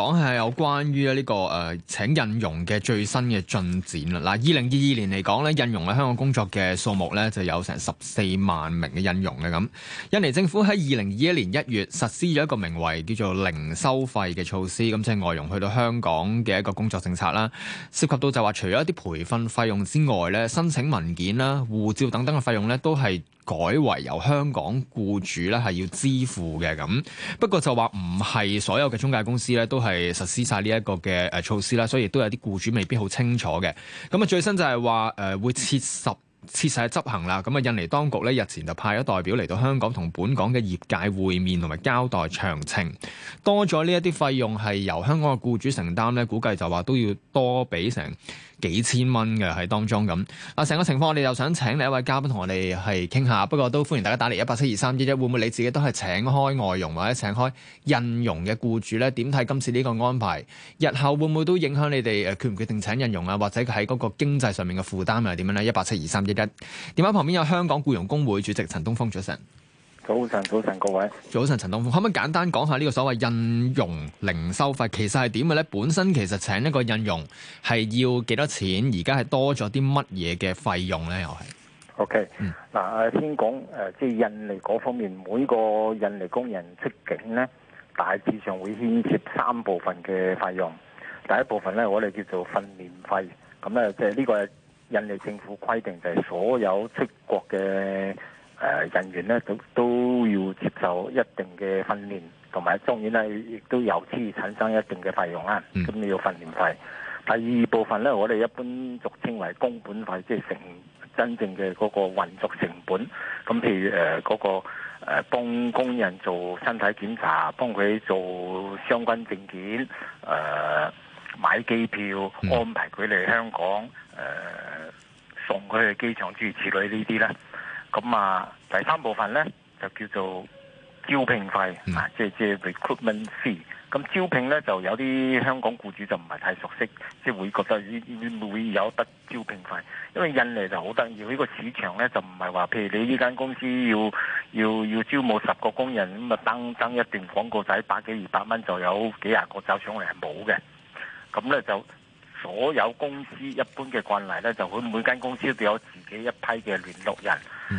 講係有關於呢、這個誒、呃，請印傭嘅最新嘅進展啦。嗱，二零二二年嚟講咧，印傭喺香港工作嘅數目咧就有成十四萬名嘅印傭。嘅咁。印尼政府喺二零二一年一月實施咗一個名為叫做零收費嘅措施，咁即係外傭去到香港嘅一個工作政策啦。涉及到就話除咗一啲培訓費用之外咧，申請文件啦、護照等等嘅費用咧，都係。改為由香港僱主咧係要支付嘅，咁，不過就話唔係所有嘅中介公司咧都係實施晒呢一個嘅誒措施啦，所以都有啲僱主未必好清楚嘅。咁啊最新就係話誒會切實切實的執行啦，咁啊印尼當局咧日前就派咗代表嚟到香港同本港嘅業界會面同埋交代詳情，多咗呢一啲費用係由香港嘅僱主承擔咧，估計就話都要多俾成幾千蚊嘅喺當中咁啊，成個情況我哋又想請另一位嘉賓同我哋係傾下，不過都歡迎大家打嚟一八七二三一一，會唔會你自己都係請開外傭或者請開印傭嘅僱主呢？點睇今次呢個安排？日後會唔會都影響你哋誒決唔決定請印傭啊？或者喺嗰個經濟上面嘅負擔又點樣呢？一八七二三一一。電話旁邊有香港僱傭公會主席陳東風，早晨。早晨，早晨各位。早晨，陳東風，可唔可以簡單講下呢個所謂印傭零收費，其實係點嘅咧？本身其實請一個印傭係要幾多錢？而家係多咗啲乜嘢嘅費用咧？又係。OK，嗱，先講誒，即係印尼嗰方面，每個印尼工人出境咧，大致上會牽涉三部分嘅費用。第一部分咧，我哋叫做訓練費。咁咧，即係呢個印尼政府規定，就係所有出國嘅。.誒、呃、人員咧，都都要接受一定嘅訓練，同埋中然呢亦都有啲產生一定嘅費用啊。咁你、嗯、要訓練費。第二部分咧，我哋一般俗稱為工本費，即係成真正嘅嗰個運作成本。咁譬如嗰、呃那個誒、呃、幫工人做身體檢查，幫佢做相關證件，誒、呃、買機票，嗯、安排佢嚟香港，誒、呃、送佢去機場注如此理呢啲咧。咁啊，第三部分呢就叫做招聘費啊，嗯、即係即係 recruitment fee。咁招聘呢就有啲香港雇主就唔係太熟悉，即係會覺得你會，會有得招聘費，因為印尼就好得意，呢、這個市場呢就唔係話，譬如你呢間公司要要要招募十個工人咁啊，登登一段廣告仔百幾二百蚊就有幾廿個走上嚟，係冇嘅。咁呢就。所有公司一般嘅慣例咧，就會每間公司都有自己一批嘅聯絡人。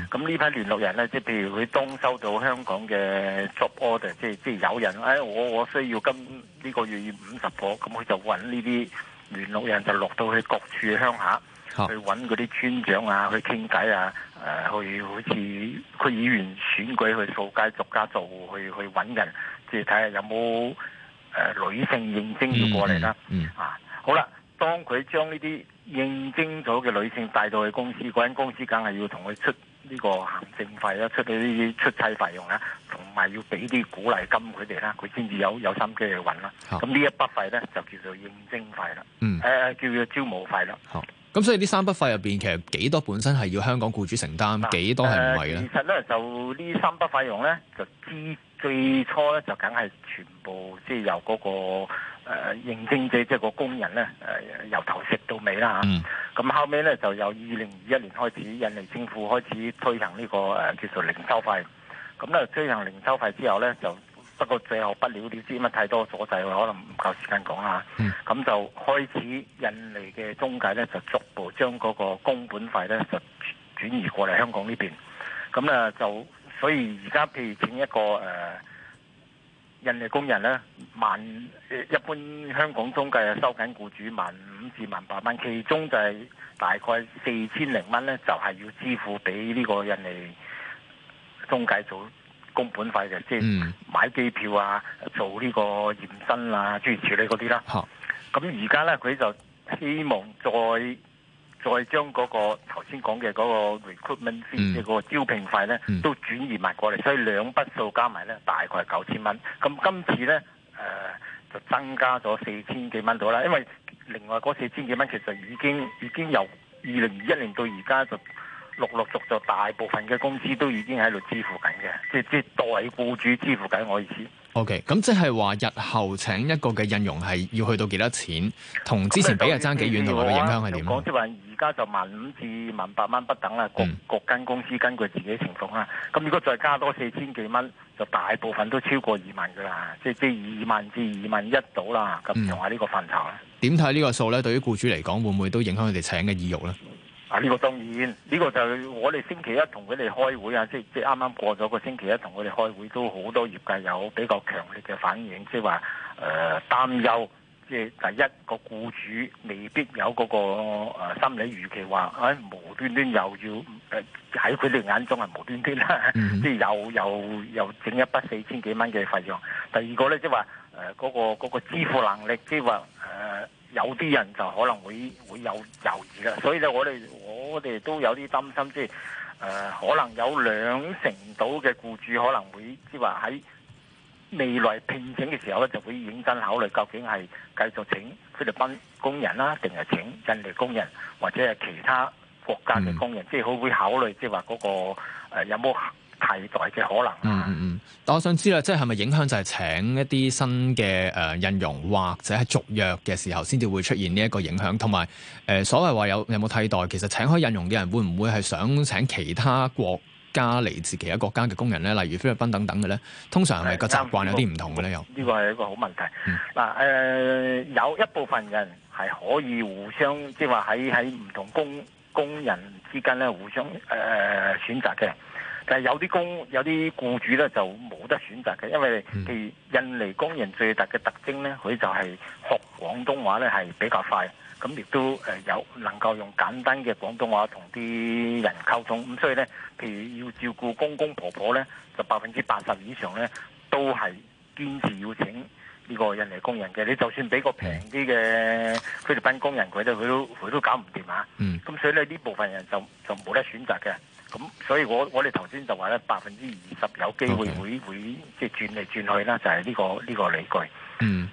咁呢、嗯、批聯絡人咧，即係譬如佢當收到香港嘅 job order，即係即係有人，誒、哎、我我需要今呢個月要五十個，咁佢就揾呢啲聯絡人就落到去各處嘅鄉下好去揾嗰啲村長啊，去傾偈啊，誒、呃、去好似區議員選舉去掃街，逐家做去去揾人，即係睇下有冇誒、呃、女性應徵要過嚟啦。嗯嗯、啊，好啦。當佢將呢啲應徵咗嘅女性帶到去公司，嗰間公司梗係要同佢出呢個行政費啦，出佢呢啲出差費用啦，同埋要俾啲鼓勵金佢哋啦，佢先至有有心機去揾啦。咁呢、啊、一筆費咧就叫做應徵費啦，誒、嗯呃、叫做招募費啦。好、啊，咁所以呢三筆費入邊，其實幾多本身係要香港僱主承擔，幾、啊、多係唔係咧？其實咧就呢三筆費用咧，就之最初咧就梗係全部即係、就是、由嗰、那個。誒、呃、認證者即係個工人咧，誒、呃、由頭食到尾啦嚇。咁、mm. 啊、後尾咧就由二零二一年開始，印尼政府開始推行呢、這個誒、呃、叫做零收費。咁咧推行零收費之後咧，就不過最後不了了之，乜太多阻滯，可能唔夠時間講嚇。咁、mm. 啊嗯、就開始印尼嘅中介咧，就逐步將嗰個工本費咧就轉移過嚟香港呢邊。咁、嗯、呢、啊，就所以而家譬如整一個誒。呃印尼工人咧，萬一般香港中介啊收緊雇主萬五至萬八蚊，其中就係大概四千零蚊咧，就係要支付俾呢個印尼中介做工本費嘅，即係買機票啊、做呢個驗身啊、資料處理嗰啲啦。咁而家咧佢就希望再。再將嗰個頭先講嘅嗰個 recruitment 即係嗰個招聘費咧，嗯嗯、都轉移埋過嚟，所以兩筆數加埋咧，大概係九千蚊。咁今次咧，誒、呃、就增加咗四千幾蚊到啦。因為另外嗰四千幾蚊其實已經已經由二零二一年到而家就陸陸續續大部分嘅公司都已經喺度支付緊嘅，即係即係代僱主支付緊。我意思。O K. 咁即係話日後請一個嘅印傭係要去到幾多錢？同之前比係爭幾遠，同埋個影響係點？而家就 1, 1, 萬五至萬八蚊不等啦，各各間公司根據自己情況啦。咁如果再加多四千幾蚊，就大部分都超過二萬噶啦，即係即係二萬至二萬一到啦。咁用下呢個範疇啦？點睇呢個數咧？對於僱主嚟講，會唔會都影響佢哋請嘅意欲咧？啊，呢個當然，呢個就係我哋星期一同佢哋開會啊，即即啱啱過咗個星期一同佢哋開會，都好多業界有比較強烈嘅反應，即係話誒擔憂。即係第一個僱主未必有嗰個心理預期，話、哎、誒無端端又要誒喺佢哋眼中係無端端啦，即係、嗯、又又又整一筆四千幾蚊嘅費用。第二個咧，即係話誒嗰個支付能力，即係話誒有啲人就可能會會有猶豫啦。所以咧，我哋我哋都有啲擔心，即係誒可能有兩成到嘅僱主可能會即係話喺，就是未來聘請嘅時候咧，就會認真考慮究竟係繼續請菲律賓工人啦，定係請印尼工人，或者係其他國家嘅工人，嗯、即係佢會考慮即係話嗰個、呃、有冇替代嘅可能嗯嗯嗯。但我想知咧，即係係咪影響就係請一啲新嘅誒印傭或者係續約嘅時候，先至會出現呢一個影響？同埋誒所謂話有有冇替代，其實請開印傭嘅人會唔會係想請其他國加嚟自其他國家嘅工人咧，例如菲律賓等等嘅咧，通常係咪個習慣有啲唔同嘅咧？又呢個係一個好問題。嗱誒、嗯呃，有一部分人係可以互相即係話喺喺唔同工工人之間咧互相誒、呃、選擇嘅，但係有啲工有啲僱主咧就冇得選擇嘅，因為佢印尼工人最大嘅特徵咧，佢就係學廣東話咧係比較快。咁亦都誒有能夠用簡單嘅廣東話同啲人溝通，咁所以咧，譬如要照顧公公婆婆咧，就百分之八十以上咧都係堅持要請呢個印尼工人嘅。你就算俾個平啲嘅菲律賓工人，佢都佢都佢都搞唔掂啊！嗯、咁所以咧，呢部分人就就冇得選擇嘅。咁所以我我哋頭先就話咧，百分之二十有機會會會即係轉嚟轉去啦，就係呢個呢個理據。嗯，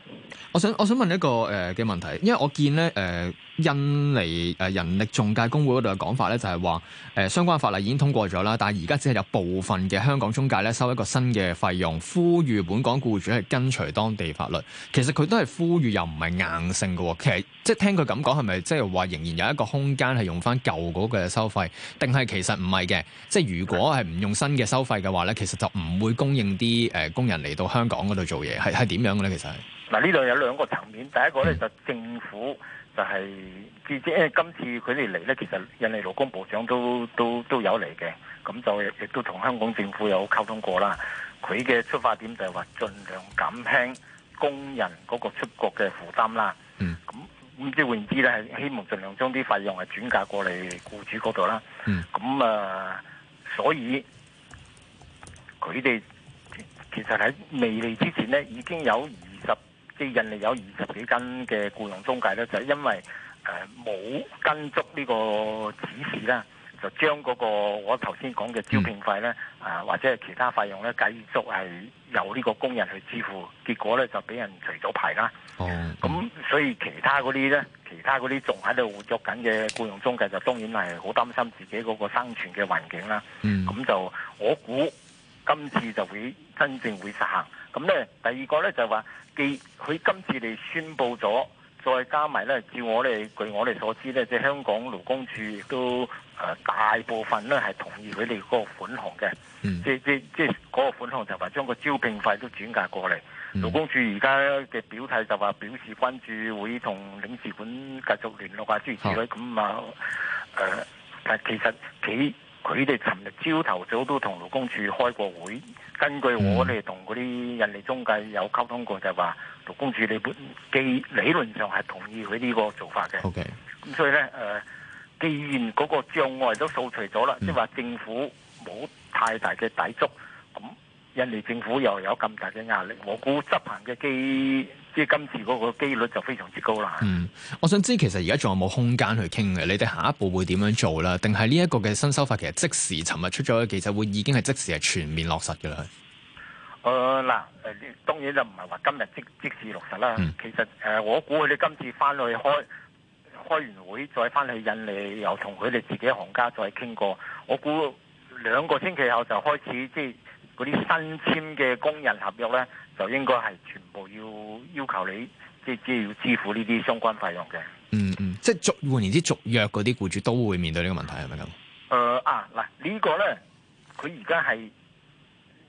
我想我想問一個誒嘅，呃、問題，因為我見咧誒、呃，印尼誒人力中介工會嗰度嘅講法咧，就係話誒相關法例已經通過咗啦，但係而家只係有部分嘅香港中介咧收一個新嘅費用，呼籲本港雇主去跟隨當地法律，其實佢都係呼籲又唔係硬性嘅喎。其實即係聽佢咁講，係咪即係話仍然有一個空間係用翻舊嗰個收費？定係其實唔係嘅？即係如果係唔用新嘅收費嘅話咧，其實就唔會供應啲誒工人嚟到香港嗰度做嘢，係係點樣嘅咧？其實嗱，呢度有兩個層面。第一個咧就政府就係，因為今次佢哋嚟咧，其實印尼勞工部長都都都有嚟嘅，咁就亦都同香港政府有溝通過啦。佢嘅出發點就係話，儘量減輕工人嗰個出國嘅負擔啦。嗯，咁。咁即換言之咧，係希望盡量將啲費用係轉嫁過嚟僱主嗰度啦。咁啊、嗯，所以佢哋其實喺未嚟之前咧，已經有二十即係印尼有二十幾間嘅僱用中介咧，就係、因為誒冇、呃、跟足呢個指示啦。就將嗰個我頭先講嘅招聘費咧，嗯、啊或者係其他費用咧，繼續係由呢個工人去支付，結果咧就俾人除咗牌啦。咁、哦、所以其他嗰啲咧，其他嗰啲仲喺度活躍緊嘅僱用中介，就當然係好擔心自己嗰個生存嘅環境啦。咁、嗯、就我估今次就會真正會實行。咁咧，第二個咧就話，既佢今次嚟宣布咗。再加埋咧，照我哋據我哋所知咧，即係香港勞工處亦都誒大部分咧係同意佢哋嗰個款項嘅、嗯，即即即嗰個款項就話將個招聘費都轉嫁過嚟。嗯、勞工處而家嘅表態就話表示關注，會同領事館繼續聯絡好啊，諸如此類咁啊誒，但係其實佢，幾佢哋尋日朝頭早都同勞工處開過會，根據我哋同嗰啲印尼中介有溝通過就，就話勞工處你本既理論上係同意佢呢個做法嘅。O K，咁所以咧、呃、既然嗰個障礙都掃除咗啦，即係話政府冇太大嘅抵觸，咁印尼政府又有咁大嘅壓力，我估執行嘅機。即係今次嗰個機率就非常之高啦。嗯，我想知其實而家仲有冇空間去傾嘅？你哋下一步會點樣做啦？定係呢一個嘅新修法其實即時尋日出咗，其實會已經係即時係全面落實嘅啦。誒嗱、呃，當然就唔係話今日即即時落實啦。嗯、其實誒，我估佢哋今次翻去開開完會，再翻去印尼，又同佢哋自己行家再傾過。我估兩個星期後就開始即。嗰啲新簽嘅工人合約咧，就應該係全部要要求你，即係即係要支付呢啲相關費用嘅。嗯嗯，即係續，換言之，續約嗰啲僱主都會面對呢個問題，係咪咁？誒、呃、啊，嗱、呢個，呢個咧，佢而家係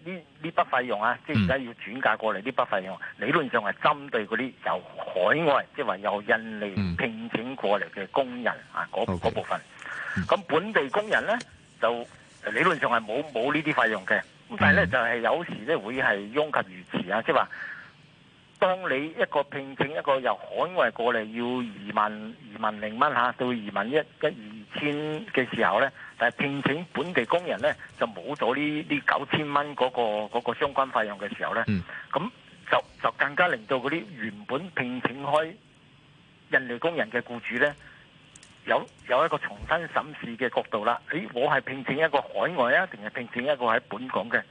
呢呢筆費用啊，嗯、即係而家要轉嫁過嚟呢筆費用，理論上係針對嗰啲由海外，即係話由印尼聘請過嚟嘅工人啊，嗰、嗯、部分。咁 Okay 本地工人咧，就理論上係冇冇呢啲費用嘅。咁、嗯、但係咧，就係有時咧會係擁及如此啊！即係話，當你一個聘請一個由海外過嚟要二萬二萬零蚊嚇，到二萬一一二千嘅時候咧，但係聘請本地工人咧就冇咗呢呢九千蚊嗰、嗰個嗰個相關費用嘅時候咧，咁、嗯、就就更加令到嗰啲原本聘請開印尼工人嘅僱主咧。有有一個重新審視嘅角度啦。誒，我係聘請一個海外啊，定係聘請一個喺本港嘅？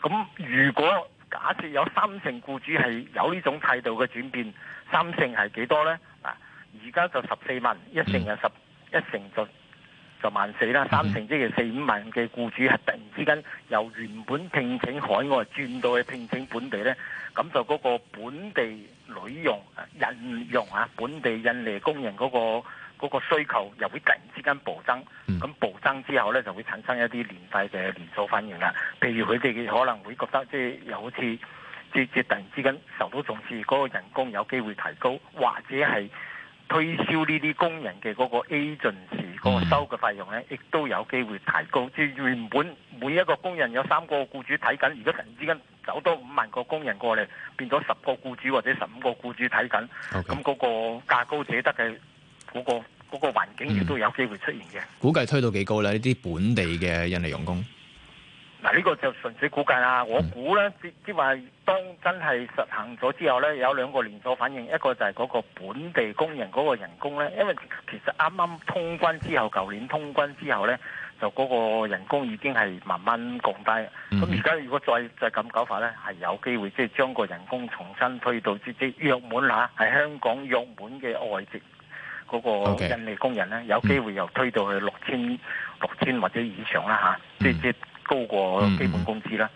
咁如果假設有三成僱主係有呢種態度嘅轉變，三成係幾多呢？啊，而家就十四萬，一成啊，十一成就就萬四啦。三成即係四五萬嘅僱主係突然之間由原本聘請海外轉到去聘請本地呢。咁就嗰個本地女傭、人傭啊，本地印尼工人嗰個。嗰個需求又會突然之間暴增，咁、嗯、暴增之後呢，就會產生一啲連帶嘅連鎖反應啦。譬如佢哋可能會覺得，即係有好似直接突然之間受到重視，嗰個人工有機會提高，或者係推銷呢啲工人嘅嗰個 agent 嗰個收嘅費用呢，亦都有機會提高。即係原本每一個工人有三個僱主睇緊，而家突然之間走多五萬個工人過嚟，變咗十個僱主或者十五個僱主睇緊，咁嗰 Okay. 個價高者得嘅。嗰個嗰個環境亦都有機會出現嘅，估計推到幾高咧？呢啲本地嘅印尼傭工嗱，呢個就純粹估計啦。我估咧，即即話當真係實行咗之後咧，有兩個連鎖反應，一個就係嗰個本地工人嗰個人工咧，因為其實啱啱通關之後，舊年通關之後咧，就嗰個人工已經係慢慢降低。咁而家如果再再咁搞法咧，係有機會即係將個人工重新推到即即約滿下，係香港約滿嘅外籍。嗰個印尼工人咧，Okay. 有機會又推到去六千六千或者以上啦吓，即、啊、即、嗯、高過基本工資啦。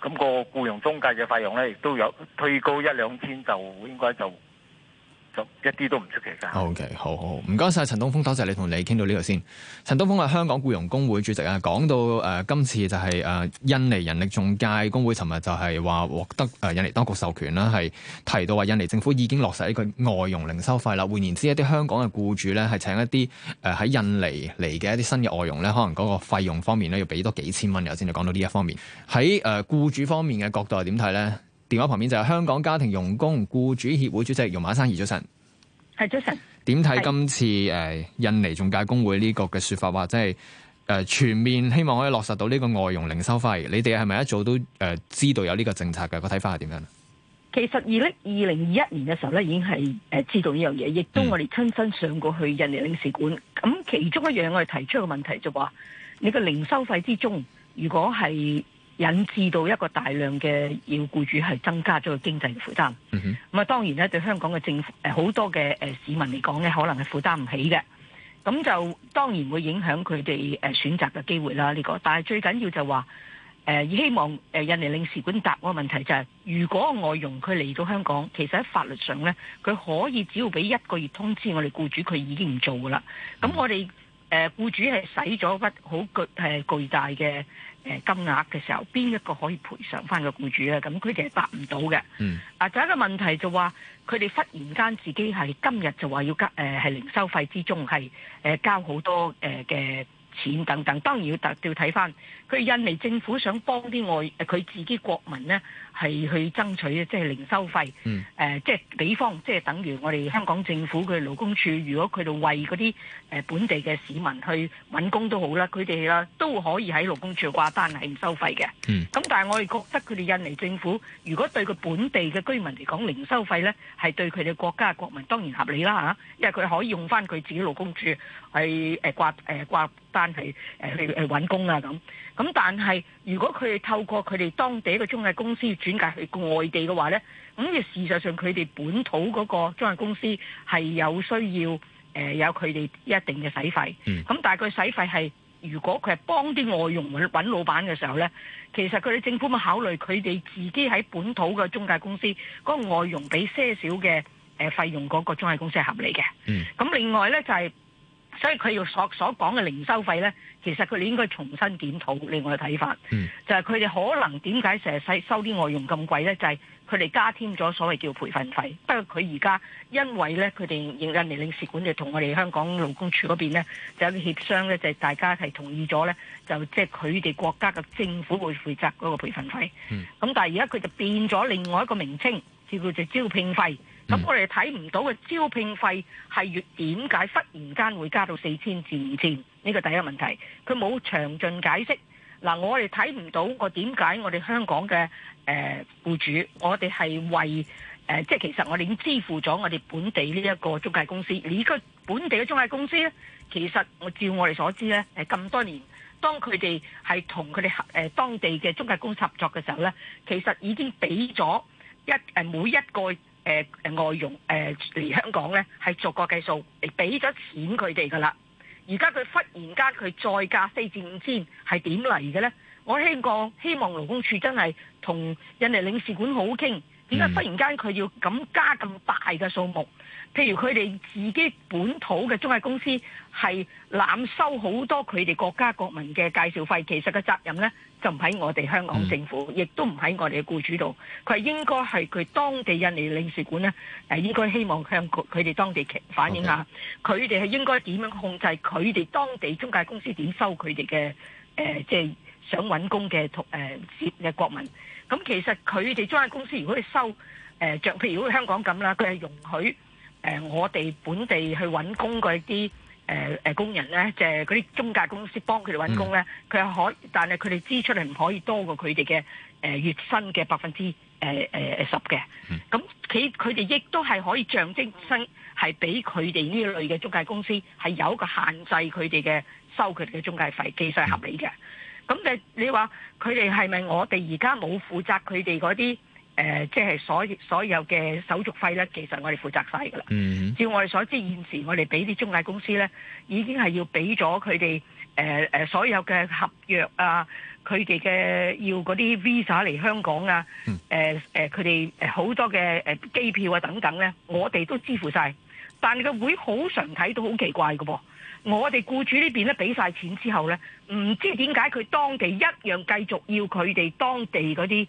咁、嗯嗯嗯、個僱傭中介嘅費用咧，亦都有推高一兩千，就應該就。一啲都唔出奇噶。O K，好好好，唔該晒。陳東風，多謝你同你傾到呢度先。陳東風係香港僱傭公會主席啊，講到誒、呃、今次就係、是、誒、呃、印尼人力仲介公會尋日就係話獲得、呃、印尼當局授權啦，係提到話印尼政府已經落實一個外傭零收費啦，換言之，一啲香港嘅僱主咧，係請一啲誒喺印尼嚟嘅一啲新嘅外傭咧，可能嗰個費用方面咧要俾多幾千蚊。頭先就講到呢一方面，喺誒、呃、僱主方面嘅角度係點睇咧？電話旁邊就係香港家庭傭工僱主協會主席容馬珊兒。余早晨，係早晨。點睇今次誒是、呃、印尼仲介工會呢個嘅說法，或者係誒全面希望可以落實到呢個外傭零收費？你哋係咪一早都誒、呃、知道有呢個政策嘅？個睇法係點樣？其實二零二零二一年嘅時候咧，已經係誒知道呢樣嘢，亦都我哋親身上過去印尼領事館。咁、嗯、其中一樣我哋提出嘅問題就話，你個零收費之中，如果係。引致到一個大量嘅要僱主係增加咗經濟嘅負擔，咁啊、mm hmm. 當然咧對香港嘅政府誒好多嘅誒市民嚟講咧，可能係負擔唔起嘅，咁就當然會影響佢哋誒選擇嘅機會啦呢、呢個。但係最緊要就話誒、呃，希望誒印尼領事館答我嘅問題就係、是，如果外傭佢嚟到香港，其實喺法律上咧，佢可以只要俾一個月通知我哋僱主，佢已經唔做噶啦。咁我哋誒僱主係使咗筆好巨誒巨大嘅。誒金額嘅時候，邊一個可以賠償翻個僱主咧？咁佢哋係答唔到嘅。嗯，啊，就一個問題就，就話佢哋忽然間自己係今日就話要交，誒、呃，係零收費之中係誒、呃、交好多誒嘅。呃錢等等，當然要特要睇翻佢印尼政府想幫啲外佢自己國民呢，係去爭取即係零收費。誒、嗯呃，即係比方，即係等於我哋香港政府嘅勞工處，如果佢哋為嗰啲誒本地嘅市民去揾工都好啦，佢哋啦都可以喺勞工處掛單係唔收費嘅。咁、嗯、但係我哋覺得佢哋印尼政府如果對佢本地嘅居民嚟講零收費呢係對佢哋國家嘅國民當然合理啦嚇，因為佢可以用翻佢自己勞工處去誒掛誒、呃、掛單。係誒去去揾工啊咁，咁，但係如果佢哋透過佢哋當地一個中介公司轉介去外地嘅話咧，咁亦事實上佢哋本土嗰、那個呃、個中介公司係有需要誒，有佢哋一定嘅使費。嗯，咁但係佢使費係如果佢幫啲外傭揾老闆嘅時候咧，其實佢哋政府咪考慮佢哋自己喺本土嘅中介公司嗰個外傭俾些少嘅誒費用嗰個中介公司係合理嘅。嗯，咁另外咧就係、是。所以佢要所所講嘅零收費呢，其實佢哋應該重新檢討。另外嘅睇法，嗯、就係佢哋可能點解成日使收啲外傭咁貴呢？就係佢哋加添咗所謂叫培訓費。不過，佢而家因為呢，佢哋印尼領事館，就同我哋香港勞工處嗰邊呢，就有個協商呢，就係，大家係同意咗呢，就即係佢哋國家嘅政府會負責嗰個培訓費。咁、嗯、但係而家佢就變咗另外一個名稱，叫做招聘費。咁我哋睇唔到嘅招聘費，係越點解忽然間會加到四千至五千呢個第一個問題，佢冇詳盡解釋。嗱，我哋睇唔到我點解我哋香港嘅誒僱主，我哋係為誒即係其實我哋已經支付咗我哋本地呢一個中介公司，而個本地嘅中介公司咧，其實我照我哋所知咧，誒咁多年，當佢哋係同佢哋合誒當地嘅中介公司合作嘅時候咧，其實已經俾咗一誒每一個。誒、呃、外傭誒嚟香港咧，係逐個計數，俾咗錢佢哋㗎喇。而家佢忽然間佢再加四至五千，係點嚟嘅咧？我聽過希望希望勞工處真係同印尼領事館好好傾，點解忽然間佢要咁加咁大嘅數目？譬如佢哋自己本土嘅中介公司係濫收好多佢哋國家國民嘅介紹費，其實嘅責任咧？唔喺我哋香港政府，亦都唔喺我哋嘅雇主度。佢係應該係佢當地印尼領事館咧，誒應該希望向佢哋當地反映下，佢哋係應該點樣控制佢哋當地中介公司點收佢哋嘅誒，即係想揾工嘅誒嘅國民。咁其實佢哋中介公司如果收誒著、呃，譬如如果香港咁啦，佢係容許誒、呃、我哋本地去揾工嗰啲。誒誒、呃、工人咧，就係嗰啲中介公司幫佢哋揾工咧，佢係可以，但係佢哋支出係唔可以多過佢哋嘅誒月薪嘅百分之誒誒、呃、十嘅。咁佢佢哋亦都係可以象徵性，係俾佢哋呢類嘅中介公司係有一個限制佢哋嘅收佢哋嘅中介費，其實係合理嘅。咁嘅你話佢哋係咪我哋而家冇負責佢哋嗰啲？誒、呃，即係所所有嘅手續費咧，其實我哋負責晒㗎啦。嗯、mm，hmm。照我哋所知，現時我哋俾啲中介公司咧，已經係要俾咗佢哋誒所有嘅合約啊，佢哋嘅要嗰啲 Visa 嚟香港啊，誒佢哋好多嘅誒機票啊等等咧，我哋都支付晒。但係個會好常睇到好奇怪嘅喎。我哋僱主呢邊咧俾晒錢之後咧，唔知點解佢當地一樣繼續要佢哋當地嗰啲。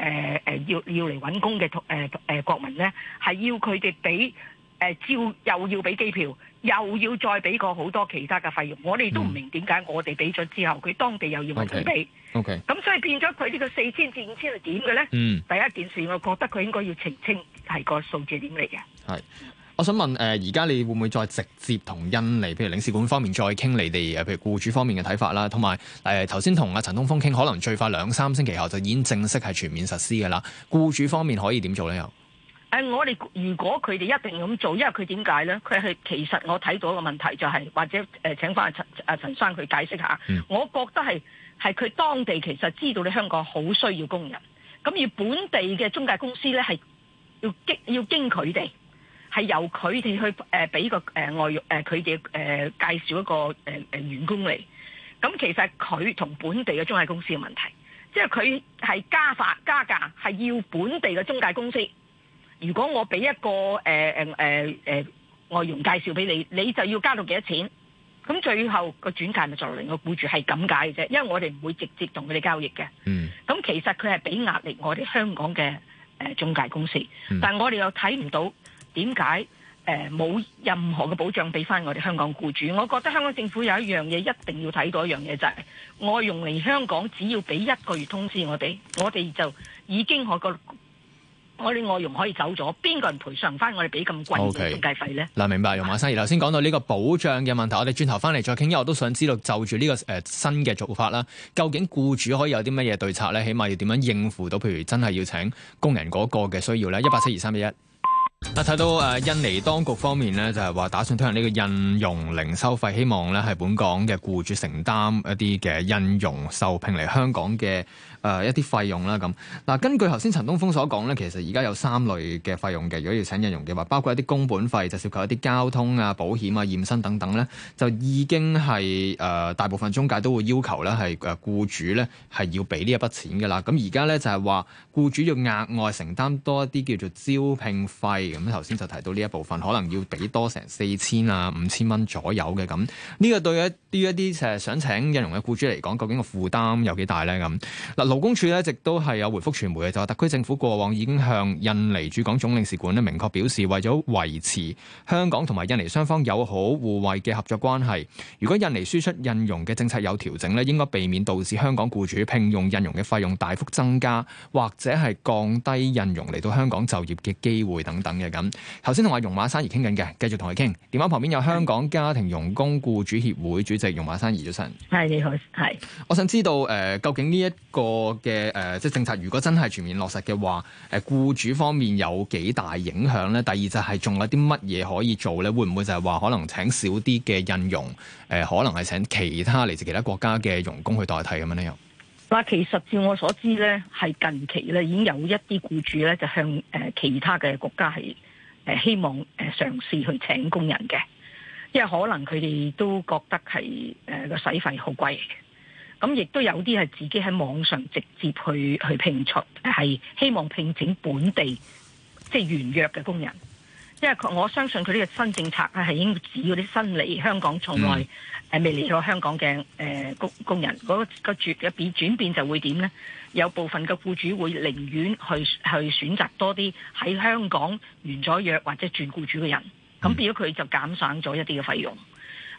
誒誒、呃呃、要要嚟揾工嘅誒誒國民咧，係要佢哋俾誒照，又要俾機票，又要再俾過好多其他嘅費用。我哋都唔明點解我哋俾咗之後，佢當地又要問佢俾。O K，咁所以變咗佢呢個四千至五千係點嘅咧？嗯，第一件事，我覺得佢應該要澄清係個數字點嚟嘅。係。我想問誒，而、呃、家你會唔會再直接同印尼，譬如領事館方面再傾你哋誒，譬如僱主方面嘅睇法啦，同埋誒，頭先同阿陳東風傾，可能最快兩三星期後就已經正式係全面實施嘅啦。僱主方面可以點做咧？又誒，我哋如果佢哋一定要咁做，因為佢點解咧？佢係其實我睇到一個問題就係、是，或者誒，請翻阿陳阿陳生佢解釋下。嗯、我覺得係係佢當地其實知道你香港好需要工人，咁而本地嘅中介公司咧係要經要經佢哋。係由佢哋去誒俾個誒外傭，佢哋誒介紹一個誒誒員工嚟，咁其實佢同本地嘅中介公司嘅問題，即係佢係加法加價，係要本地嘅中介公司。如果我俾一個誒誒、呃呃、外傭介紹俾你，你就要加到幾多錢？咁最後個轉介咪再嚟我估住係咁解嘅啫，因為我哋唔會直接同佢哋交易嘅。嗯，咁其實佢係俾壓力我哋香港嘅中介公司，但係我哋又睇唔到。點解誒冇任何嘅保障俾翻我哋香港僱主？我覺得香港政府有一樣嘢一定要睇到一樣嘢，就係、是、外傭嚟香港，只要俾一個月通知我哋，我哋就已經我個我哋外傭可以走咗。邊個人賠償翻我哋俾咁貴嘅中介費咧？嗱，Okay. 明白容馬生。而頭先講到呢個保障嘅問題，我哋轉頭翻嚟再傾。因為我都想知道就住呢、這個誒、呃、新嘅做法啦，究竟僱主可以有啲乜嘢對策咧？起碼要點樣應付到？譬如真係要請工人嗰個嘅需要咧，一八七二三一一。嗱，睇到誒，印尼當局方面咧，就係話打算推行呢個印傭零收費，希望咧係本港嘅僱主承擔一啲嘅印傭受聘嚟香港嘅。呃、一啲費用啦咁，嗱、嗯、根據頭先陳東風所講咧，其實而家有三類嘅費用嘅，如果要請印傭嘅話，包括一啲工本費，就涉及一啲交通啊、保險啊、驗身等等咧，就已經係、呃、大部分中介都會要求咧，係誒僱主咧係要俾呢一筆錢㗎啦。咁而家咧就係話僱主要額外承擔多一啲叫做招聘費，咁頭先就提到呢一部分，可能要俾多成四千啊五千蚊左右嘅咁。呢、嗯這個對一啲一啲想請印傭嘅僱主嚟講，究竟個負擔有幾大咧咁？嗱、嗯。勞工處咧，一直都係有回覆傳媒嘅，就話特區政府過往已經向印尼駐港總領事館咧，明確表示，為咗維持香港同埋印尼雙方友好互惠嘅合作關係，如果印尼輸出印傭嘅政策有調整咧，應該避免導致香港僱主聘用印傭嘅費用大幅增加，或者係降低印傭嚟到香港就業嘅機會等等嘅咁。頭先同阿容馬珊兒傾緊嘅，繼續同佢傾。電話旁邊有香港家庭傭工僱主協會主席容馬珊兒，早晨。係你好，係。我想知道誒、呃，究竟呢、這、一個？我嘅誒，即係政策，如果真係全面落實嘅話，誒僱主方面有幾大影響咧？第二就係仲有啲乜嘢可以做咧？會唔會就係話可能請少啲嘅印傭？誒、呃，可能係請其他嚟自其他國家嘅傭工去代替咁樣咧？又嗱，其實照我所知咧，係近期咧已經有一啲僱主咧就向誒其他嘅國家係誒希望誒嘗試去請工人嘅，因為可能佢哋都覺得係誒個洗費好貴。咁亦都有啲係自己喺網上直接去去聘出，係希望聘請本地即係完約嘅工人。因為我相信佢呢個新政策係已經指嗰啲新嚟香港、從來未嚟咗香港嘅工、呃、工人，嗰、嗰個個轉嘅變就會點呢？有部分嘅僱主會寧願去去選擇多啲喺香港完咗約或者轉僱主嘅人，咁變咗佢就減省咗一啲嘅費用。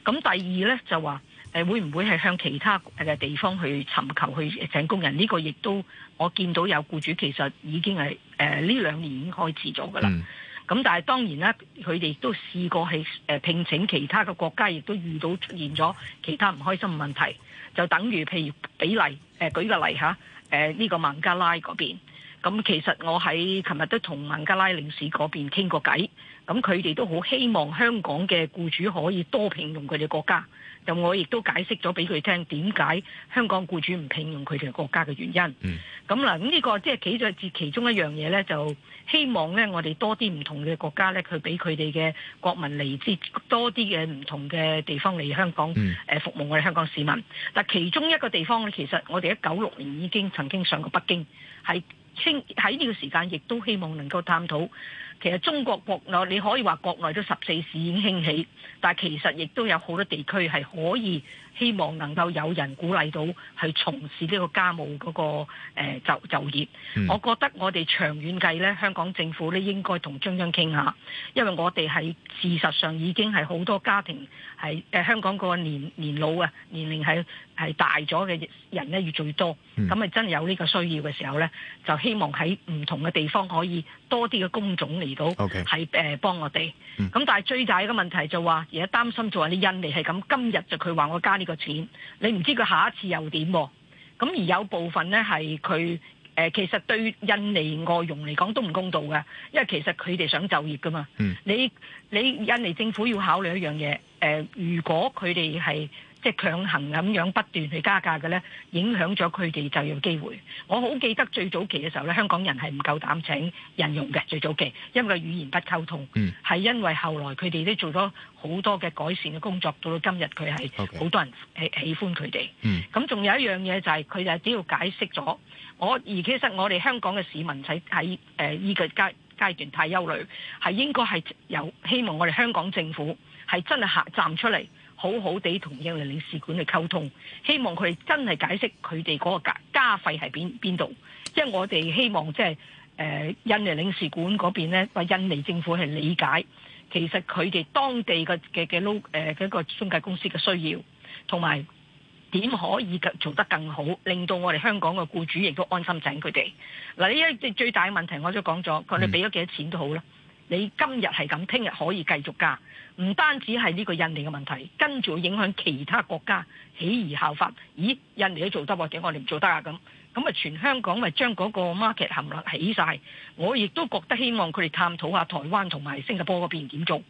咁第二呢，就話。誒會唔會係向其他嘅地方去尋求去請工人？呢、這個亦都我見到有僱主其實已經係誒呢兩年已經開始咗噶啦。咁、嗯、但係當然啦，佢哋都試過係誒聘請其他嘅國家，亦都遇到出現咗其他唔開心嘅問題。就等於譬如比如例誒、呃，舉個例吓誒呢個孟加拉嗰邊。咁、嗯、其實我喺琴日都同孟加拉領事嗰邊傾過偈。咁佢哋都好希望香港嘅僱主可以多聘用佢哋國家。咁我亦都解釋咗俾佢聽點解香港僱主唔聘用佢哋國家嘅原因，嗯。咁嗱，咁呢個即係企在其中一樣嘢咧，就希望咧我哋多啲唔同嘅國家咧，去俾佢哋嘅國民嚟至多啲嘅唔同嘅地方嚟香港，誒服務我哋香港市民，嗯。但其中一個地方咧，其實我哋喺九六年已經曾經上過北京，係清喺呢個時間亦都希望能夠探討。其實，中國國內你可以話國內都十四市已經興起，但係其實亦都有好多地區係可以。希望能夠有人鼓勵到去從事呢個家務嗰、那個誒、呃、就就業，mm. 我覺得我哋長遠計咧，香港政府咧應該同中央傾下，因為我哋喺事實上已經係好多家庭係誒、呃、香港個年年老啊年齡係係大咗嘅人咧，越最多，咁咪、mm. 真係有呢個需要嘅時候咧，就希望喺唔同嘅地方可以多啲嘅工種嚟到，okay. 係誒幫我哋。咁、mm. 但係最大一個問題就話而家擔心做人啲印尼係咁，今日就佢話我家。呢個錢你唔知佢下一次又點噃？咁而有部分咧係佢誒。其實對印尼外傭嚟講都唔公道嘅，因為其實佢哋想就業噶嘛。你你印尼政府要考慮一樣嘢，誒、呃，如果佢哋係。即係強行咁樣不斷去加價嘅咧，影響咗佢哋就有機會。我好記得最早期嘅時候咧，香港人係唔夠膽請人用嘅。最早期，因為語言不溝通，係、嗯、因為後來佢哋都做咗好多嘅改善嘅工作，到到今日佢係好多人喜喜歡佢哋。咁仲、嗯、有一樣嘢就係佢就係只要解釋咗我而其實我哋香港嘅市民喺喺誒依個階階段太憂慮，係應該係有希望我哋香港政府係真係行站出嚟。好好地同印尼領事館去溝通，希望佢哋真係解釋佢哋嗰個加加費係邊邊度，因為我哋希望即係誒印尼領事館嗰邊咧，或印尼政府係理解，其實佢哋當地嘅嘅嘅僂誒嗰個中介公司嘅需要，同埋點可以做得更好，令到我哋香港嘅僱主亦都安心請佢哋。嗱，呢一隻最大嘅問題我了，我都講咗，佢哋俾咗幾多錢都好啦，你今日係咁，聽日可以繼續加。唔單止係呢個印尼嘅問題，跟住會影響其他國家起而效法。咦，印尼都做得，或者我哋唔做得啊？咁咁啊，全香港咪將嗰個 market 涵量起曬。我亦都覺得希望佢哋探討下台灣同埋新加坡嗰邊點做。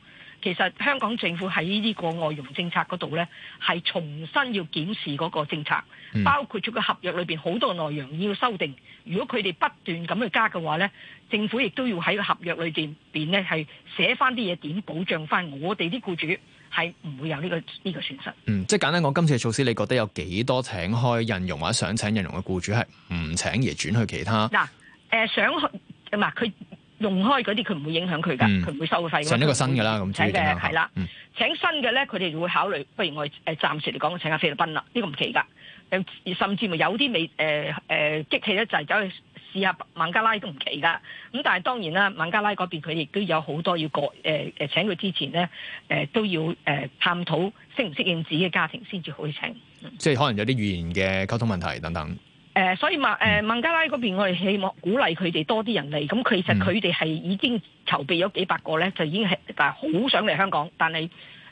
其實香港政府喺呢個外傭政策嗰度呢，係重新要檢視嗰個政策，包括咗個合約裏面好多內容要修訂。如果佢哋不斷咁去加嘅話咧，政府亦都要喺個合約裏邊，點咧係寫翻啲嘢，點保障翻我哋啲僱主係唔會有呢個呢個損失。嗯，即係簡單講，今次嘅措施，你覺得有幾多少請開印傭或者想請印傭嘅僱主係唔請而轉去其他？嗱、呃，誒、呃、想去，唔係佢用開嗰啲，佢唔會影響佢噶，佢唔、嗯、會收費。請一個新嘅啦，咁即係係啦，請新嘅咧，佢哋會考慮，不如我誒暫時嚟講請下菲律賓啦，呢、這個唔奇噶。甚至乎有啲未誒誒激氣咧，就係、是、走去試下孟加拉都唔奇㗎。咁但係當然啦，孟加拉嗰邊佢亦都有好多要過誒誒請佢之前咧誒、呃、都要誒、呃、探討適唔適應自己嘅家庭先至可以請。即係可能有啲語言嘅溝通問題等等。誒、呃、所以孟、呃、孟加拉嗰邊，我哋希望鼓勵佢哋多啲人嚟。咁其實佢哋係已經籌備咗幾百個咧，就已經係但係好想嚟香港，但係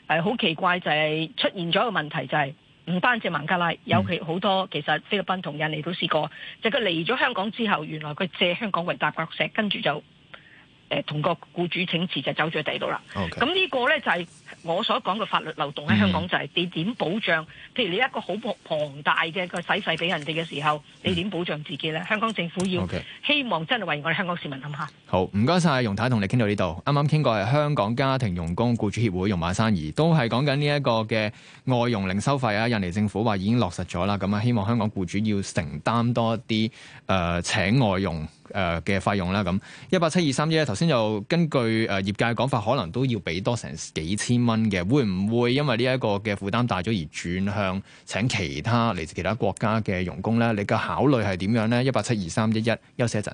誒好奇怪就係、是、出現咗一個問題就係、是。唔單止孟加拉，尤、嗯、其好多其實菲律賓同印尼都試過，就佢嚟咗香港之後，原來佢借香港為踏腳石，跟住就。同個僱主請辭就走咗第度啦。咁呢 Okay. 個呢，就係、是、我所講嘅法律漏洞喺香港、mm. 就係你點保障？譬如你一個好龐大嘅個使費俾人哋嘅時候，你點保障自己呢？香港政府要希望真係為我哋香港市民諗下。Okay. 好，唔該晒，容太同你傾到呢度。啱啱傾過係香港家庭傭工僱主協會容馬珊兒，都係講緊呢一個嘅外傭零收費啊！印尼政府話已經落實咗啦，咁啊希望香港僱主要承擔多啲誒、呃、請外傭。誒嘅費用啦，咁一八七二三一，頭先又根據誒業界講法，可能都要俾多成幾千蚊嘅，會唔會因為呢一個嘅負擔大咗而轉向請其他嚟自其他國家嘅傭工咧？你嘅考慮係點樣咧？一八七二三一一，休息一陣。